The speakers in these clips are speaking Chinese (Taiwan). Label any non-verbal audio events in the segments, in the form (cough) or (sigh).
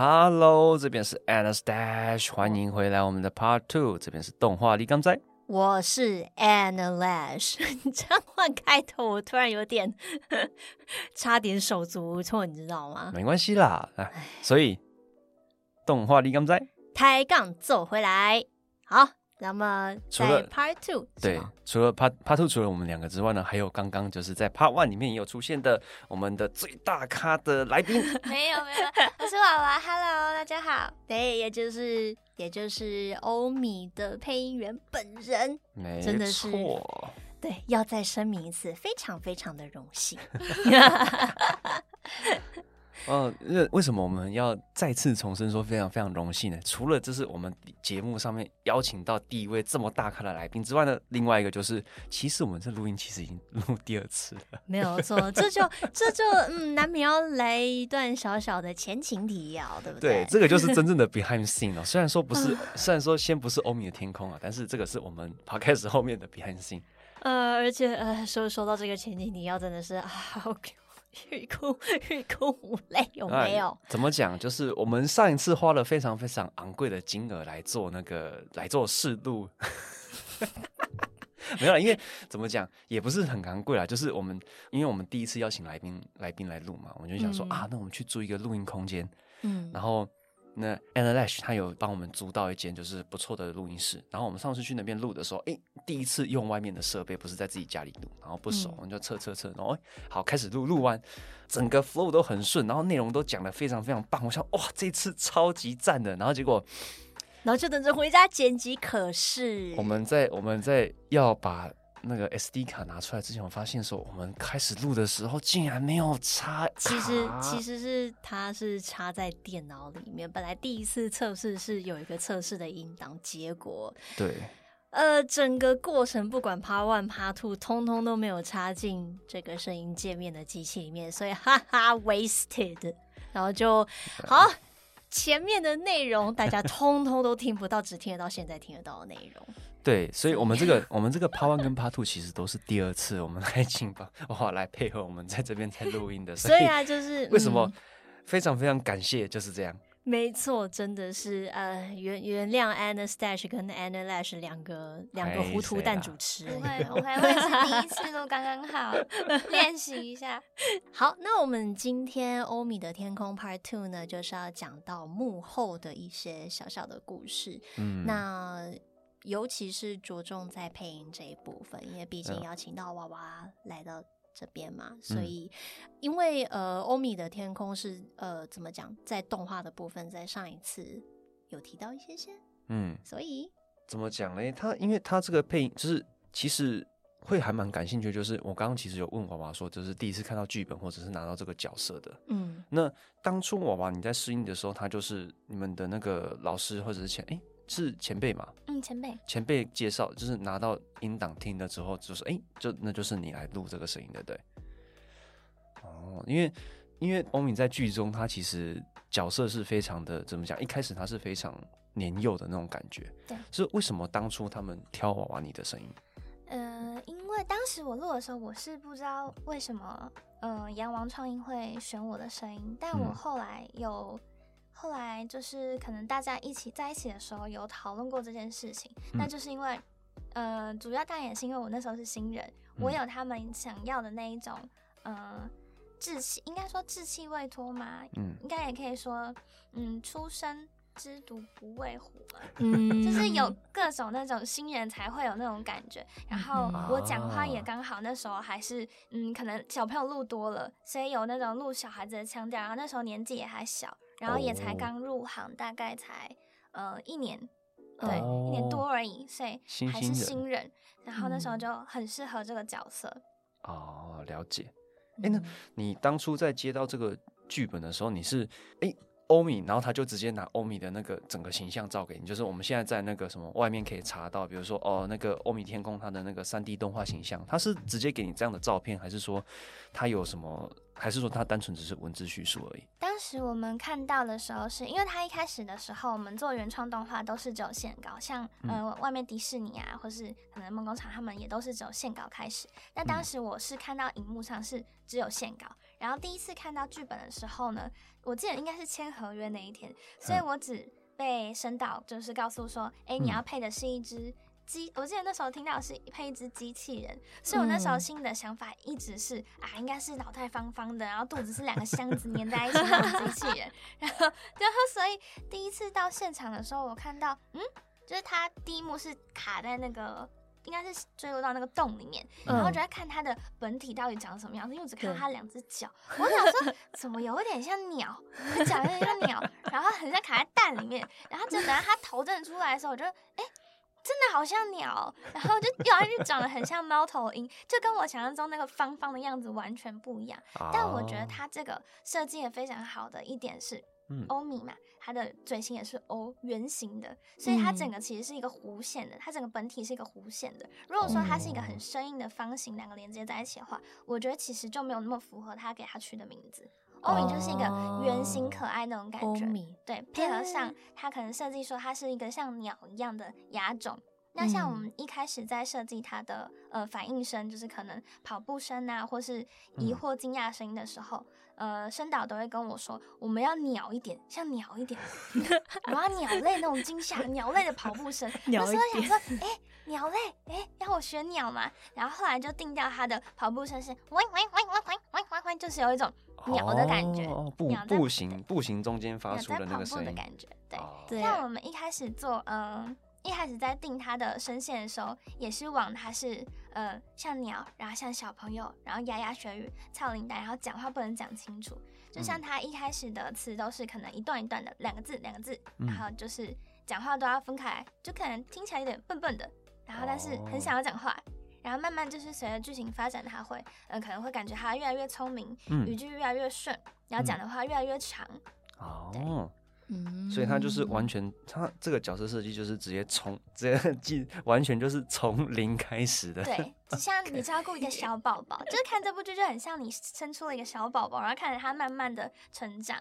Hello，這邊是 AniStache，歡迎回來我們的 Part Two，這邊是動畫李剛仔。我是 AniLash， (laughs) 你這樣換開頭，我突然有點 (laughs) 差點手足無措，你知道嗎？沒關係啦，唉所以動畫李剛仔抬槓走回來，好。那麼在 Part Two，對，除了 Part Part Two，除了我們兩個之外呢，還有剛剛就是在 Part One 裡面也有出現的，我們的最大咖的來賓， (laughs) (laughs) 沒有沒有，我是娃娃，Hello，大家好，對，也就是也就是歐米的配音員本人，沒錯，真的是，對，要再聲明一次，非常非常的榮幸。 (laughs) (laughs) 哦，那為什麼我們要再次重申說非常非常榮幸呢？除了這是我們節目上面邀請到第一位這麼大咖的來賓之外呢，另外一個就是，其實我們這錄音其實已經錄第二次了。沒有錯，這就這就嗯，難免要來一段小小的前情提要，對不對？對，這個就是真正的 behind scene 哦。 (laughs) 雖然說不是，雖然說先不是歐米的天空啊，但是這個是我們 p 開始後面的 behind scene。呃，而且呃，說說到這個前情提要，真的是啊，OK。好欲哭欲哭無淚，有沒有？啊、怎麼講？就是我們上一次花了非常非常昂貴的金額來做那個來做試錄， (laughs) (laughs) 沒有，因為怎麼講，也不是很昂貴啦。就是我們，因為我們第一次邀請來賓來賓來錄嘛，我們就想說、嗯、啊，那我們去租一個錄音空間。嗯，然後那 AniLash 他有幫我們租到一間就是不錯的錄音室。然後我們上次去那邊錄的時候，哎、欸。第一次用外面的設備，不是在自己家裡錄，然後不熟，我們就測測測，然後哎，好開始錄錄完，整個 flow 都很順，然後內容都講的非常非常棒，我想哇，這次超級讚的，然後結果，然後就等着回家剪輯，可是我們在我們在要把那個 SD 卡拿出來之前，我發現說我們開始錄的時候竟然沒有插其，其實其實是它是插在電腦裡面，本來第一次測試是有一個測試的音檔，結果對。呃，整個過程不管 Part One、Part Two 通通都沒有插進這個聲音界面的機器裡面，所以哈哈，wasted。然後就好， (laughs) 前面的內容大家通通都聽不到， (laughs) 只聽得到現在聽得到的內容。對，所以我們這個 (laughs) 我們這個 Part One 跟 Part Two 其實都是第二次我們來請吧， (laughs) 哇，來配合我們在這邊在錄音的。所以，所以啊，就是、嗯、為什麼非常非常感謝，就是這樣。沒錯，真的是呃，原原諒 AniStache 跟 AniLash 兩個兩個糊塗蛋主持，啊、 (laughs) (laughs) 我還會第一次都剛剛好 (laughs) 練習一下。 (laughs) 好，那我們今天歐米的天空 Part Two 呢，就是要講到幕後的一些小小的故事。嗯，那尤其是着重在配音這一部分，因為畢竟邀請到娃娃來到。嗯這邊嘛，所以、嗯、因為呃，《歐米的天空》是呃怎麼講，在動畫的部分，在上一次有提到一些些，嗯，所以怎麼講呢？他因為他這個配音，就是其實會還蠻感興趣，就是我剛剛其實有問娃娃說，就是第一次看到劇本或者是拿到這個角色的，嗯，那當初娃娃，你在試音的時候，他就是你們的那個老師或者是前、欸是前輩嘛？嗯，前輩。前輩介紹就是拿到音檔聽了之後，就是哎、欸，就那就是你來錄這個聲音，對不對？哦，因為因為歐米在劇中他其實角色是非常的怎麼講？一開始他是非常年幼的那種感覺，對。所以為什麼當初他們挑娃娃你的聲音？嗯、呃，因為當時我錄的時候，我是不知道為什麼，嗯、呃，陽王創意會選我的聲音，但我後來又。嗯後來就是可能大家一起在一起的時候有討論過這件事情，嗯、那就是因為，呃，主要但也是因為我那時候是新人，嗯、我有他們想要的那一種，呃，稚氣，應該說稚氣未脫嘛，嗯，應該也可以說，嗯，初生之犢不畏虎嘛、啊，嗯，就是有各種那種新人才會有那種感覺，然後我講話也剛好那時候還是，嗯，可能小朋友錄多了，所以有那種錄小孩子的腔調，然後那時候年紀也還小。然後也才剛入行，哦、大概才呃一年，對、哦、一年多而已，所以還是新人。新新人然後，那時候就很適合這個角色。嗯、哦，了解。哎，那你當初在接到這個劇本的時候，你是哎歐米，然後他就直接拿歐米的那個整個形象照給你，就是我們現在在那個什麼外面可以查到，比如說哦那個歐米天空他的那個 3D 動畫形象，他是直接給你這樣的照片，還是說他有什麼？還是說他單純只是文字敘述而已。當時我們看到的時候是，是因為他一開始的時候，我們做原創動畫都是只有線稿，像、嗯、呃外面迪士尼啊，或是可能夢工廠，他們也都是只有線稿開始。那當時我是看到熒幕上是只有線稿，嗯、然後第一次看到劇本的時候呢，我記得應該是簽合約那一天，所以我只被聲導就是告訴說，誒、嗯欸，你要配的是一支。機，我記得那時候聽到是配一只機器人，所以我那時候心裡的想法一直是啊，應該是腦袋方方的，然後肚子是兩個箱子粘在一起的機器人， (laughs) 然後然後所以第一次到現場的時候，我看到嗯，就是他第一幕是卡在那個應該是墜落到那個洞裡面，然後就在看他的本體到底長什麼樣子，因為我只看到他兩只腳，對 我想說怎麼有點像鳥，腳 (laughs) 有點像鳥，然後很像卡在蛋裡面，然後就等下他頭出來的時候我，我就哎。真的好像鳥，然後就又又長得很像貓頭鷹， (laughs) 就跟我想象中那個方方的樣子完全不一樣。哦、但我覺得它這個設計也非常好的一點是，歐米嘛，嗯、它的嘴型也是 O、哦、圓形的，所以它整個其實是一個弧線的，它整個本體是一個弧線的。如果說它是一個很生硬的方形，哦、兩個連接在一起的話，我覺得其實就沒有那麼符合它給它取的名字。歐米就是一個圓形可愛那種感覺，啊、歐米對，配合上它可能設計說它是一個像鳥一樣的亞種。嗯、那像我們一開始在設計它的呃反應聲，就是可能跑步聲啊，或是疑惑、驚訝聲音的時候，嗯、呃，聲導都會跟我說我們要鳥一點，像鳥一點，我要 (laughs) 鳥類那種驚嚇、鳥類的跑步聲。鳥那時候想說，哎、欸，鳥類，哎、欸，要我學鳥嗎？然後後來就定調它的跑步聲是“喂喂喂喂喂喂”，就是有一種。鳥的感覺，步、oh, 在步行對步行中間發出的那個聲音的感覺，對。Oh. 像我們一開始做，嗯，一開始在定他的聲線的時候，也是往他是，呃，像鳥，然後像小朋友，然後牙牙學語，翹鈴鐺，然後講話不能講清楚，就像他一開始的詞都是可能一段一段的，兩個字兩個字，然後就是講話都要分開來，就可能聽起來有點笨笨的，然後但是很想要講話。Oh. 然後慢慢就是隨着劇情發展，他會，嗯、呃，可能會感覺他越來越聰明，嗯、語句越來越順，嗯、然後講的話越來越長。哦，嗯，對嗯，所以他就是完全，他這個角色設計就是直接從直接進，完全就是從零開始的。對，像你照顧一個小寶寶，Okay 就是看這部劇就很像你生出了一個小寶寶，然後看着他慢慢的成長，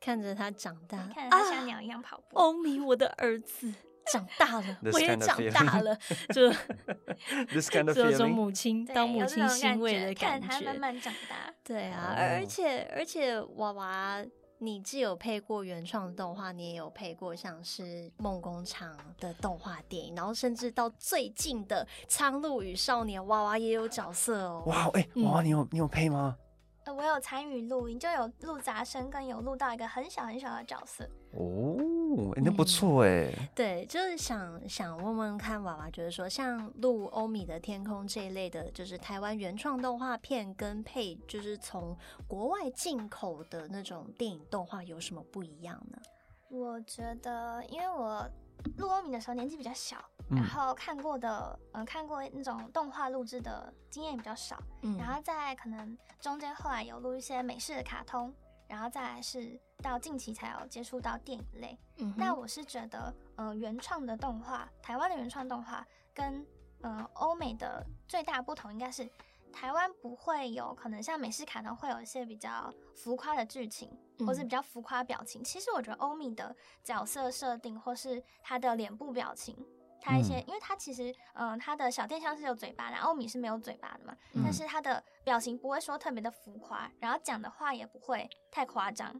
看着他長大，看着他像鳥一樣跑步。歐、啊哦、米，我的兒子。長大了，kind of 我也長大了，就這種 (laughs) kind of 母親對當母親欣慰的感覺。這感覺看他慢慢長大，對啊，um. 而且而且娃娃，你既有配過原創的動畫，你也有配過像是夢工廠的動畫電影，然後甚至到最近的《蒼鷺與少年》，娃娃也有角色哦。哇、wow, 誒，哎、嗯，娃娃，你有你有配嗎？呃，我有參與錄音，就有錄雜聲，更有錄到一個很小很小的角色哦。Oh. 欸、那不錯哎、欸嗯，對，就是想想問問看娃娃，覺、就、得、是、說像錄歐米的天空這一類的，就是台灣原創動畫片跟配，就是從國外進口的那種電影動畫有什麼不一樣呢？我覺得，因為我錄歐米的時候年紀比較小，嗯、然後看過的，嗯，看過那種動畫錄制的經驗也比較少，嗯，然後在可能中間後來有錄一些美式的卡通。然後再來是到近期才有接觸到電影類，那、嗯、哼我是覺得，嗯、呃，原創的動畫，台灣的原創動畫跟嗯、呃、歐美的最大不同應該是，台灣不會有可能像美式卡通會有一些比較浮誇的劇情，嗯、哼或是比較浮誇表情。其實我覺得歐米的角色設定或是他的臉部表情。他一些，因為他其實，嗯，嗯，他的小電箱是有嘴巴的，歐米是沒有嘴巴的嘛。嗯、但是他的表情不會說特別的浮誇，然後講的話也不會太誇張。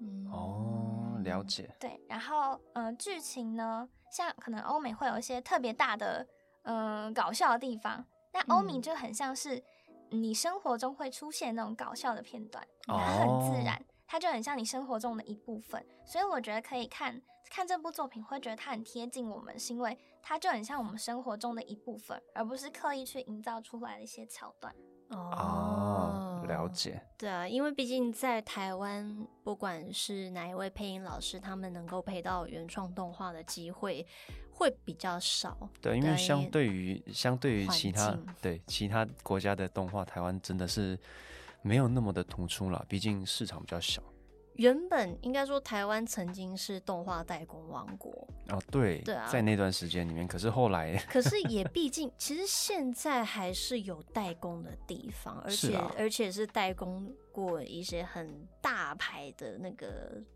嗯，哦，了解。對，然後，嗯、呃，劇情呢，像可能歐美會有一些特別大的，嗯、呃，搞笑的地方，那歐米就很像是你生活中會出現那種搞笑的片段，它很自然。哦它就很像你生活中的一部分，所以我覺得可以看看這部作品，會覺得它很貼近我們，是因為它就很像我們生活中的一部分，而不是刻意去營造出來的一些橋段。哦，哦，了解。對啊，因為畢竟在台灣，不管是哪一位配音老師，他們能夠配到原創動畫的機會會比較少。對，對因為相對於相對於其他環境對其他國家的動畫，台灣真的是。沒有那麼的突出啦，畢竟市場比較小。原本應該說台灣曾經是動畫代工王國啊，對對啊，在那段時間裡面，可是後來，可是也畢竟， (laughs) 其實現在還是有代工的地方，而且、啊、而且是代工。過一些很大牌的那個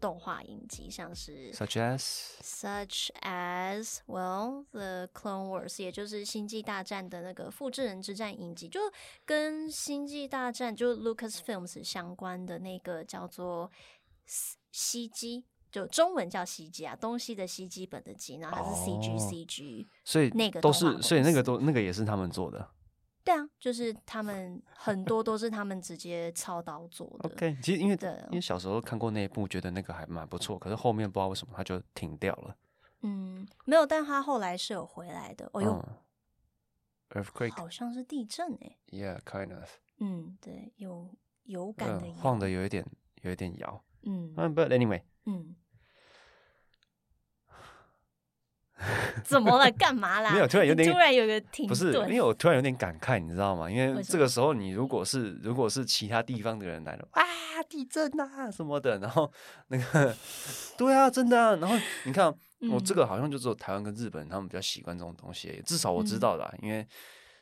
動畫影集，像是 such as such as well the Clone Wars，也就是《星際大戰》的那個複製人之戰影集，就跟《星際大戰》就 Lucasfilm 相關的那個叫做 CG，就中文叫 CG 啊，東西的 C，基本的 G，然後它是 CG、哦、CG，所以那個都是，所以那個都那個也是他們做的。對啊，就是他們很多都是他們直接操刀做的。對、 (laughs) okay, 其實因為對因為小時候看過那一部，覺得那個還蠻不錯。可是後面不知道為什麼他就停掉了。嗯，沒有，但他後來是有回來的。哦，Earthquake， (noise) 好像是地震哎，欸。Yeah, kind of。嗯，對，有有感的，嗯，晃的有一點，有一點搖。嗯，嗯，But anyway，嗯。 (laughs) 怎麼了？幹嘛啦？ (laughs) 沒有，突然有點突然有個停頓，不是，因為我突然有點感慨，你知道嗎？因為這個時候，你如果是如果是其他地方的人來了，哇，地震啊什麼的，然後那個，對啊，真的、啊，然後你看，我這個好像就只有台灣跟日本，他們比較習慣這種東西。至少我知道的啦，嗯、因為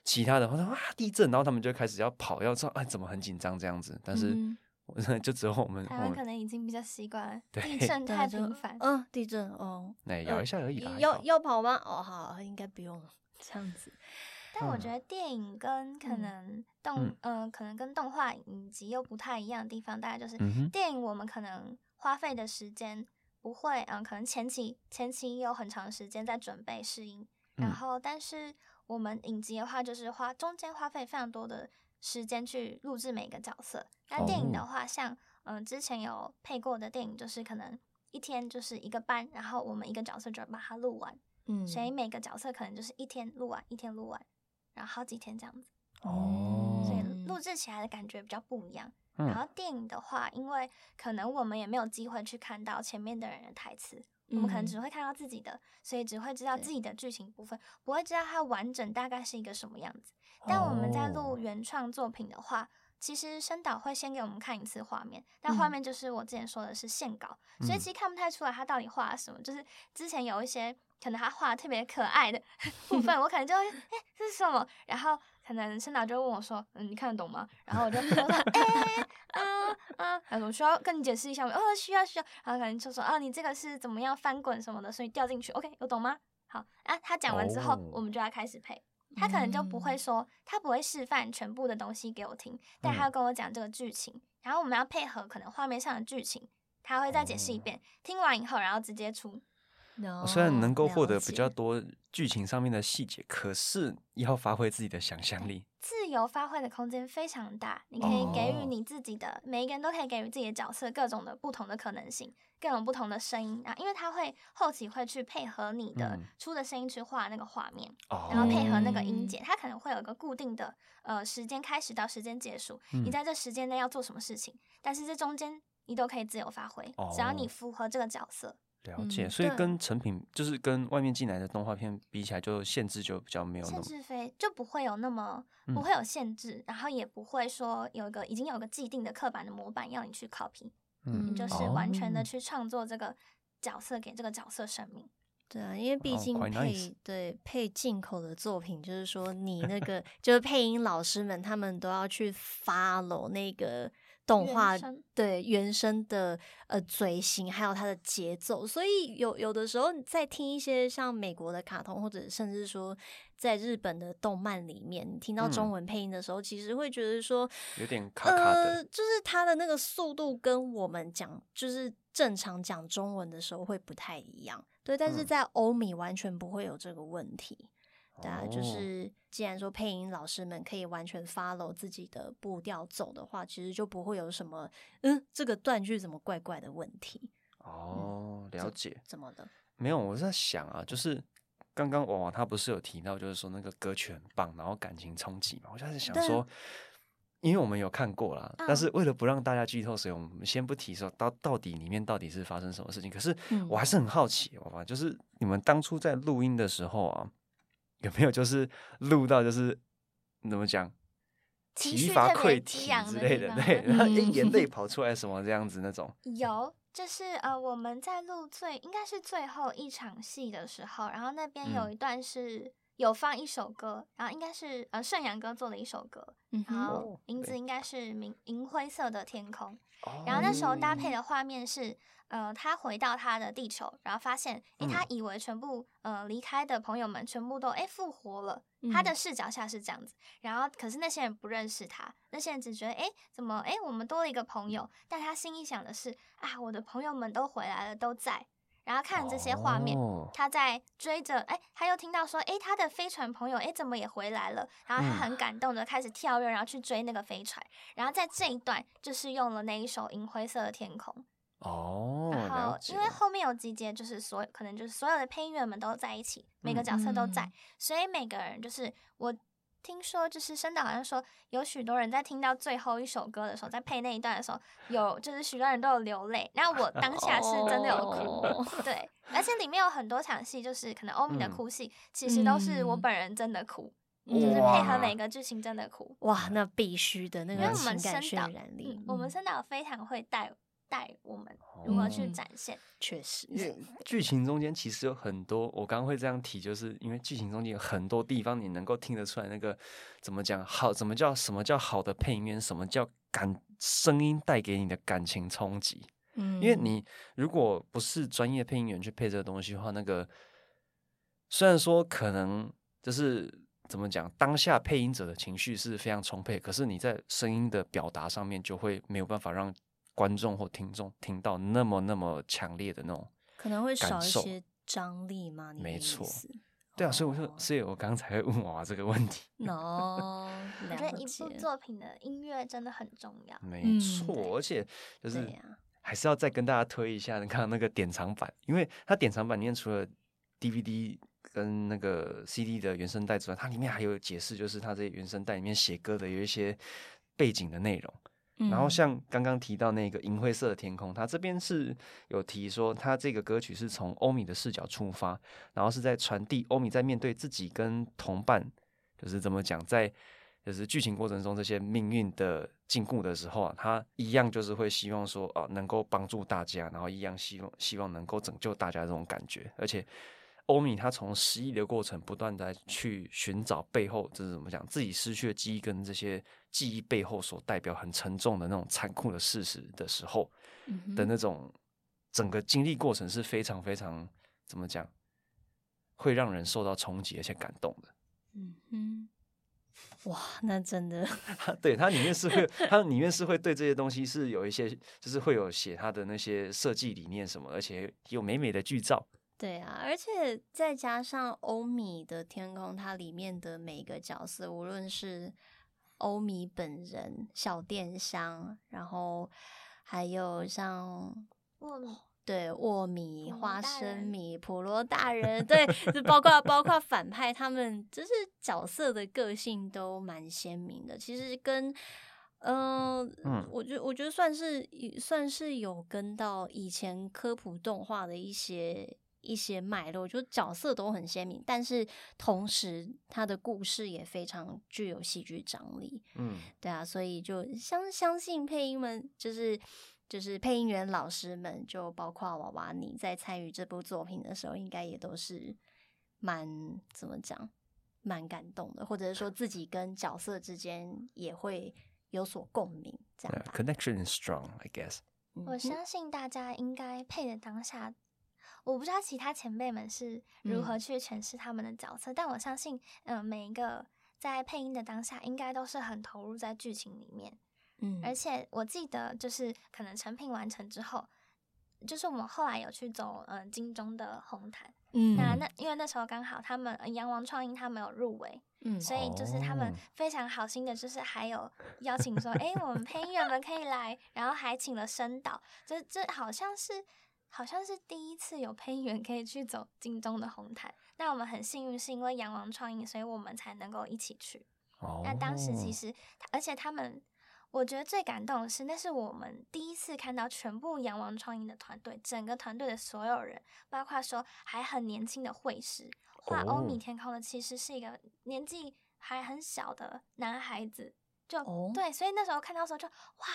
其他的，哇，地震，然後他們就開始要跑，要說，哎怎麼很緊張這樣子，但是。嗯 (laughs) 就只有我們，台灣可能已經比較習慣了對地震太頻繁、就是，嗯，地震，哦。那、嗯，搖一下而已，嗯、又要跑嗎？哦，好，應該不用了這樣子。 (laughs) 但我覺得電影跟可能動，嗯,嗯、呃，可能跟動畫影集又不太一樣的地方，大概就是電影我們可能花費的時間不會，嗯哼、呃，可能前期前期有很長時間在準備試音，然後但是我們影集的話，就是花中間花費非常多的。時間去錄製每個角色。那電影的話，oh. 像嗯、呃，之前有配過的電影，就是可能一天就是一個班，然後我們一個角色就把它錄完，嗯，所以每個角色可能就是一天錄完，一天錄完，然後好幾天這樣子。哦，oh. 所以錄製起來的感覺比較不一樣。嗯。然後電影的話，因為可能我們也沒有機會去看到前面的人的台詞。我們可能只會看到自己的，所以只會知道自己的劇情部分，對不會知道它完整大概是一個什麼樣子。但我們在錄原創作品的話，oh. 其實聲導會先給我們看一次畫面，但畫面就是我之前說的是線稿，嗯、所以其實看不太出來他到底畫了什麼。就是之前有一些可能他畫特別可愛的部分， (laughs) 我可能就會哎，這、欸、是什麼，然後。他男生導就問我說：“嗯，你看得懂嗎？”然後我就說到：“哎、 (laughs) 欸，啊啊，還是我需要跟你解釋一下嗎？”哦，需要需要。然後可能就說：“啊，你這個是怎麼樣翻滾什麼的，所以掉進去。”OK，有懂嗎？好啊，他講完之後，oh. 我們就要開始配。他可能就不會說，他不會示範全部的東西給我聽，但他要跟我講這個劇情，oh. 然後我們要配合可能畫面上的劇情，他會再解釋一遍。聽完以後，然後直接出。No, 哦、雖然能夠獲得比較多劇情上面的細節，了解、可是要發揮自己的想象力，自由發揮的空間非常大。你可以給予你自己的，哦、每一個人都可以給予自己的角色各種的不同的可能性，各種不同的聲音啊。因為他會後期會去配合你的出的聲音去畫那個畫面，嗯、然後配合那個音節，它可能會有一個固定的呃時間開始到時間結束，嗯、你在這時間內要做什麼事情，但是這中間你都可以自由發揮，哦、只要你符合這個角色。了解，所以跟成品、嗯、就是跟外面進來的動畫片比起來，就限制就比較沒有限制非，非就不會有那麼不會有限制，嗯、然後也不會說有一個已經有一個既定的刻板的模板要你去 copy，嗯，你就是完全的去創作這個角色、哦、給這個角色生命。對啊，因為畢竟配、oh, quite nice. 對，配進口的作品，就是說你那個 (laughs) 就是配音老師們他們都要去 follow 那個。動畫生對原聲的呃嘴型，還有它的節奏，所以有有的時候你在聽一些像美國的卡通，或者甚至說在日本的動漫裡面，聽到中文配音的時候，嗯、其實會覺得說有點卡卡的、呃，就是它的那個速度跟我們講，就是正常講中文的時候會不太一樣，對，但是在歐米完全不會有這個問題。嗯對啊，哦、就是既然說配音老師們可以完全 follow 自己的步調走的話，其實就不會有什麼嗯，這個斷句怎麼怪怪的問題。哦，嗯、了解。怎麼的？沒有，我是在想啊，就是剛剛娃娃，他不是有提到，就是說那個歌曲很棒，然後感情衝擊嘛，我就在想說，對因為我們有看過啦，嗯、但是為了不讓大家劇透，所以我們先不提說到到底裡面到底是發生什麼事情。可是我還是很好奇，哇、嗯，就是你們當初在錄音的時候啊。有沒有就是錄到就是你怎麼講，情緒崩潰，激昂之類的，對，嗯、然後眼淚跑出來什麼這樣子那種。有，就是呃，我們在錄最應該是最後一場戲的時候，然後那邊有一段是有放一首歌，嗯、然後應該是呃盛陽哥做的一首歌，然後名字應該是《明銀灰色的天空》嗯哼，然後那時候搭配的畫面是。呃，他回到他的地球，然後發現，誒，他以為全部，呃，離開的朋友們全部都，哎，復活了。他的視角下是這樣子，然後可是那些人不認識他，那些人只覺得，哎，怎麼，哎，我們多了一個朋友。但他心裡想的是，啊，我的朋友們都回來了，都在。然後看這些畫面，他在追着，哎，他又聽到說，哎，他的飛船朋友，哎，怎麼也回來了？然後他很感動的開始跳躍，然後去追那個飛船。然後在這一段，就是用了那一首《銀灰色的天空》。哦，然後因為後面有幾節，就是所有可能就是所有的配音員們都在一起，每個角色都在，所以每個人就是我聽說，就是聲導好像說，有許多人在聽到最後一首歌的時候，在配那一段的時候，有就是許多人都有流淚。那我當下是真的有哭，對，而且裡面有很多場戲，就是可能歐米的哭戲，其實都是我本人真的哭，就是配合每個劇情真的哭。哇，那必須的，那個情感渲染力，我們聲導，嗯，我們聲導非常會帶。帶我們如何去展現？確實，哦，確實，會不會，因為劇情中間其實有很多，我剛剛會這樣提，就是因為劇情中間有很多地方，你能夠聽得出來那個怎麼講好，怎麼叫什麼叫好的配音員，什麼叫感聲音帶給你的感情衝擊。嗯，因為你如果不是專業配音員去配這個東西的話，那個雖然說可能就是怎麼講，當下配音者的情緒是非常充沛，可是你在聲音的表達上面就會沒有辦法讓。觀眾或聽眾聽到那麼那麼強烈的那種，可能會少一些張力嗎？沒錯，對啊，oh，所以我說，oh。所以我剛才問娃娃這個問題。哦 No, (laughs) 解，我覺得一部作品的音樂真的很重要。沒錯，嗯、而且就是還是要再跟大家推一下，你看那個典藏版，啊、因為它典藏版裡面除了 DVD 跟那個 CD 的原聲帶之外，它裡面還有解釋，就是它這些原聲帶裡面寫歌的有一些背景的內容。然後像剛剛提到，那個銀灰色的天空，他這邊是有提說，他這個歌曲是從歐米的視角出發，然後是在傳遞歐米在面對自己跟同伴，就是怎麼講，在就是劇情過程中這些命運的禁錮的時候啊，他一樣就是會希望說，哦、啊，能夠幫助大家，然後一樣希望希望能夠拯救大家這種感覺，而且。歐米他從失憶的過程，不斷在去尋找背後，這、就是怎麼講？自己失去的記憶跟這些記憶背後所代表很沉重的那種殘酷的事實的時候，的那種、嗯、哼整個經歷過程是非常非常怎麼講，會讓人受到衝擊而且感動的。嗯哼哇，那真的， (laughs) 他對他裡面是會，他裡面是會對這些東西是有一些，就是會有寫他的那些設計理念什麼，而且有美美的劇照。對啊，而且再加上歐米的天空，它裡面的每一個角色，無論是歐米本人、小電箱，然後還有像沃米，對，沃米、花生米、普羅大人，對，就 (laughs) 包括包括反派，他們就是角色的個性都蠻鮮明的。其實跟嗯、呃，我覺我覺得算是算是有跟到以前科普動畫的一些，一些脈絡，就角色都很鮮明，但是同時，他的故事也非常具有戲劇張力。嗯，對啊，所以就相相信配音們，就是就是配音員老師們，就包括娃娃，你在參與這部作品的時候，應該也都是蠻怎麼講，蠻感動的，或者是說自己跟角色之間也會有所共鳴，這樣。Uh, connection is strong, I guess。我相信大家應該配的當下。我不知道其他前輩們是如何去詮釋他們的角色，嗯、但我相信，嗯、呃，每一個在配音的當下，應該都是很投入在劇情裡面，嗯。而且我記得，就是可能成品完成之後，就是我們後來有去走，呃、中嗯，金鐘的紅毯，嗯。那那因為那時候剛好他們羊王創映他們有入圍，嗯，所以就是他們非常好心的，就是還有邀請說，哎、哦欸，我們配音員們可以來，然後還請了聲導，這這好像是。好像是第一次有配音員可以去走京東的紅毯，那我們很幸運，是因為羊王創意，所以我們才能夠一起去。Oh. 那當時其實，而且他們，我覺得最感動的是，那是我們第一次看到全部羊王創意的團隊，整個團隊的所有人，包括說還很年輕的繪師，畫歐米天空的，其實是一個年紀還很小的男孩子，就、oh. 對，所以那時候看到的時候就哇。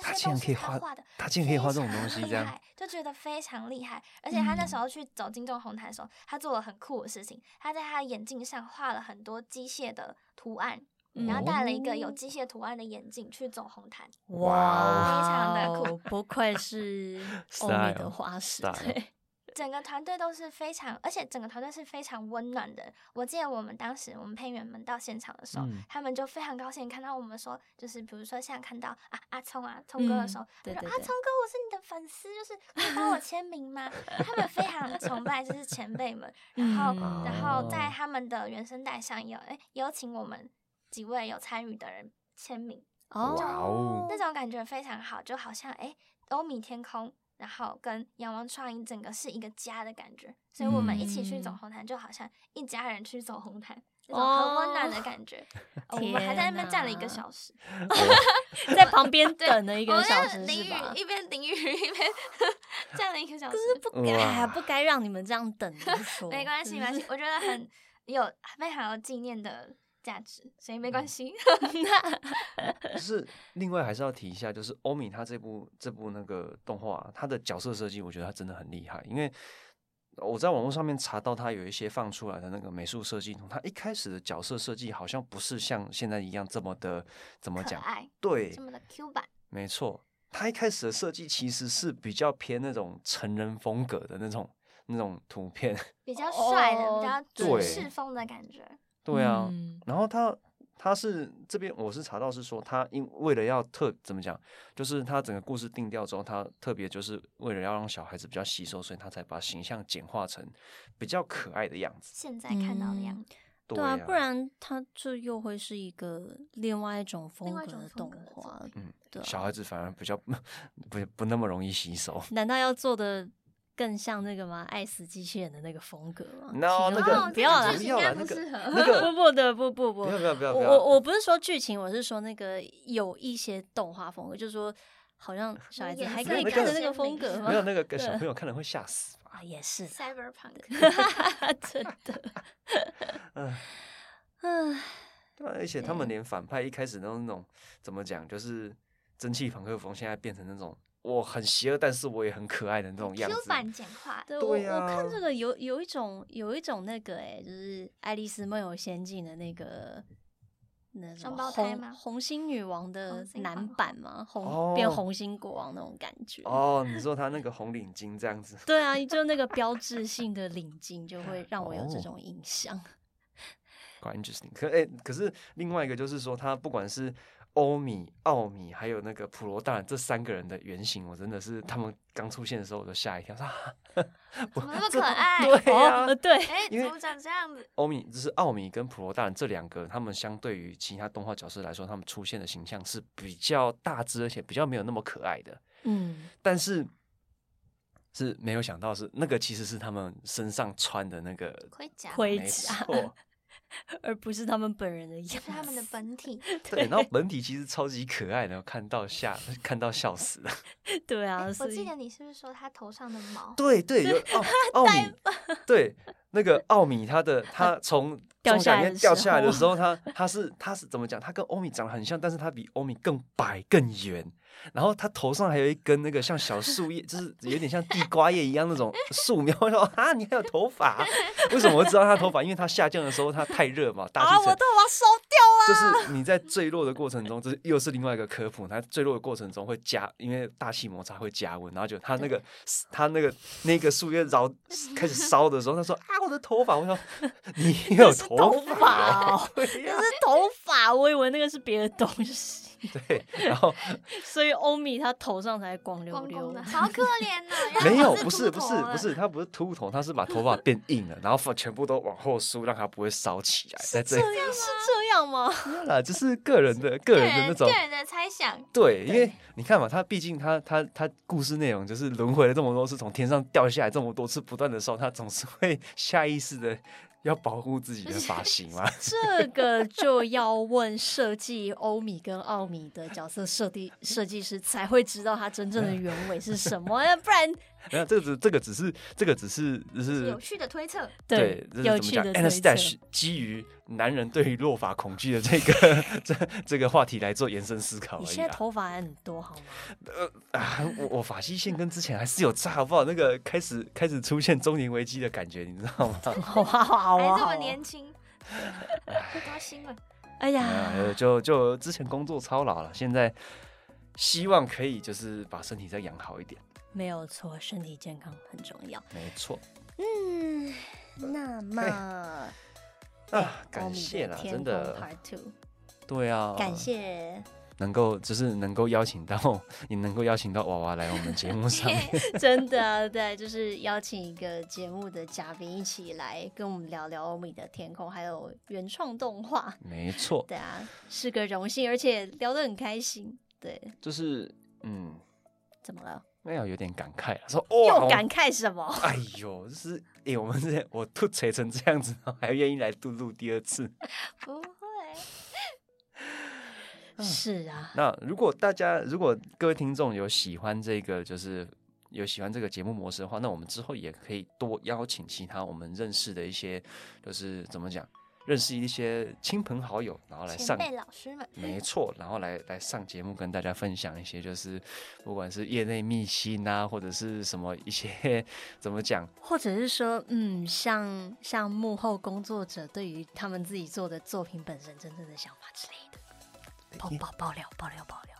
他竟然可以畫，的，他竟然可以畫這種東西，這樣就覺得非常厲害。而且他那時候去走金鐘紅毯的時候，嗯、他做了很酷的事情，他在他的眼鏡上畫了很多機械的圖案，然後戴了一個有機械圖案的眼鏡去走紅毯。哦、哇，非常的酷，不愧是歐美的畫師，對。 (laughs) (laughs) 整個團隊都是非常，而且整個團隊是非常溫暖的。我記得我們當時我們配音員們到現場的時候，嗯、他們就非常高興看到我們說，說就是比如說像看到啊阿聰啊聰哥的時候，他、嗯、說阿、啊、聰哥，我是你的粉絲，就是可以幫我簽名嗎？ (laughs) 他們非常崇拜就是前輩們，然後、嗯、然後在他們的原聲帶上有誒，有請我們幾位有參與的人簽名哦，就那，那種感覺非常好，就好像誒，歐米天空。然後跟陽光創意整個是一個家的感覺，所以我們一起去走紅毯，就好像一家人去走紅毯，那、嗯、種很溫暖的感覺。哪 oh, 我們還在那邊站了一個小時，哦、 (laughs) 在旁邊等了一個小時淋雨，一邊淋雨一邊站了一個小時，是不該哎呀，Wow. 不該讓你們這樣等。 (laughs) 沒關係，沒關係，我覺得很有非常有紀念的價值，所以沒關係，嗯、 (laughs) 那就是另外還是要提一下，就是歐米他這部這部那個動畫、啊，他的角色設計，我覺得他真的很厲害。因為我在網絡上面查到，他有一些放出來的那個美術設計，他一開始的角色設計，好像不是像現在一樣這麼的怎麼講？可愛對，這麼的 Q 版。沒錯，他一開始的設計其實是比較偏那種成人風格的那種那種圖片，比較帥的，哦、比較日式風的感覺。對啊，嗯、然後他他是這邊我是查到是說他因為了要特怎麼講，就是他整個故事定調之後，他特別就是為了要讓小孩子比較吸收，所以他才把形象簡化成比較可愛的樣子。現在看到的樣子，嗯、對啊，對啊，不然他這又會是一個另外一種風格的動畫。動畫對嗯，小孩子反而比較不不那麼容易吸收。難道要做的？更像那個嗎？愛死機器人的那個風格嗎？no 那個不要了，不要不適合。不不的，不不不，不要不要不要。我我不是說劇情，我是說那個有一些動畫風格，就是說好像小孩子還可以看的那個風格嗎？沒有那個給小朋友看了會嚇死啊！也是 Cyberpunk，真的。嗯嗯，對，而且他們連反派一開始都是那種怎麼講，就是蒸汽朋克風，現在變成那種。我很邪惡，但是我也很可愛的那種樣子。Q 版簡化，對我，我看這個有有一種有一種那個哎、欸，就是《愛麗絲夢遊仙境》的那個那雙胞胎嗎？紅心女王的男版嗎？紅變紅心國王那種感覺。哦，oh, oh, 你說他那個紅領巾這樣子？ (laughs) 對啊，就那個標誌性的領巾就會讓我有這種印象。Oh, quite interesting 可，可、欸、哎，可是另外一個就是說，他不管是。歐米、奧米還有那個普羅大人這三個人的原型，我真的是他們剛出現的時候，我都嚇一跳，說怎麼那麼可愛？對啊，哦、對。哎，怎麼長這樣子，歐米就是奧米跟普羅大人這兩個，他們相對於其他動畫角色來說，他們出現的形象是比較大只，而且比較沒有那麼可愛的。嗯，但是是沒有想到是那個其實是他們身上穿的那個盔甲，沒錯。而不是他們本人的，是他們的本體。 (laughs) 對，對，然後本體其實超級可愛的，看到嚇，看到笑死了。 (laughs) 對啊、欸，我記得你是不是說他頭上的毛？對對，有、哦、奧米。 (laughs) 對，那個奧米，他的他從掉下來掉下來的時候，他他是他是，是怎麼講？他跟歐米長得很像，但是他比歐米更白更圓。然後他頭上還有一根那個像小樹葉，就是有點像地瓜葉一樣那種樹苗。我說：“啊，你還有頭髮？為什麼會知道他頭髮？因為他下降的時候，他太熱嘛，大氣層啊，我的頭髮燒掉了。就是你在墜落的過程中，這是又是另外一個科普。它墜落的過程中會加，因為大氣摩擦會加溫，然後就他那個他那個那個樹葉，然後開始燒的時候，他說：啊，我的頭髮。我說：你有頭髮哦？那是、啊、是頭髮，我以為那個是別的東西。”對，然後，所以歐米他頭上才光溜溜光光的，好可憐吶、啊！沒有，不是，不是，不是，他不是禿頭，他是把頭髮變硬了， (laughs) 然後全部都往後梳，讓他不會燒起來。在這裡是這樣嗎？有、 (laughs) yeah, 就是個人的是個人個人的那種個人的猜想。對，對，因為你看嘛，他畢竟他他他故事內容就是輪回了這麼多次，從天上掉下來這麼多次不斷，不斷的燒，他總是會下意識的。要保護自己的髮型嗎？ (laughs) 這個就要問設計歐米跟奧米的角色設定設計師才會知道他真正的原委是什麼， (laughs) 不然。那這個這個只是這個只是只是，是有趣的推測，對，有趣的推測。AniStache 基於男人對於落髮恐懼的這個 (laughs) 這這個話題來做延伸思考，啊。你現在頭髮還很多，好嗎？呃啊、呃，我我髮際線跟之前還是有差， (laughs) 好不好，那個開始開始出現中年危機的感覺，你知道嗎？哇哇哇！還這麼年輕，太扎心了。哎呀，就就之前工作操勞了，現在希望可以就是把身體再養好一點。沒有錯，身體健康很重要。沒錯。嗯，那麼、okay. 啊，感謝了，感謝啦，真的。Part two，對啊，感謝能夠，就是能夠邀請到你，能夠邀請到娃娃來我們節目上， (laughs) 真的對，就是邀請一個節目的嘉賓一起來跟我們聊聊歐米的天空，還有原創動畫。沒錯。 (laughs) 對啊，是個榮幸，而且聊得很開心。對，就是嗯，怎麼了？，沒有，有點感慨。說哦又感慨什麼？哎呦，就是哎，我們這我吐槽成這樣子，還願意來錄錄第二次。不會，是啊、嗯。那如果大家，如果各位聽眾有喜歡這個，就是有喜歡這個節目模式的話，那我們之後也可以多邀請其他我們認識的一些，就是怎麼講。認識一些親朋好友，然後來上老師們，沒錯，然後來來上節目，跟大家分享一些，就是不管是業內密信啊,或者是什麼一些怎麼講，或者是說，嗯,像像幕後工作者對於他們自己做的作品本身真正的想法之類的，爆爆爆料爆料爆料。爆料爆料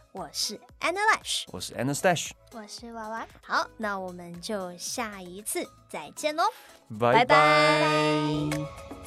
我是 AniLash，我是 AniStache，我是娃娃。好，那我們就下一次再見嘍，拜拜。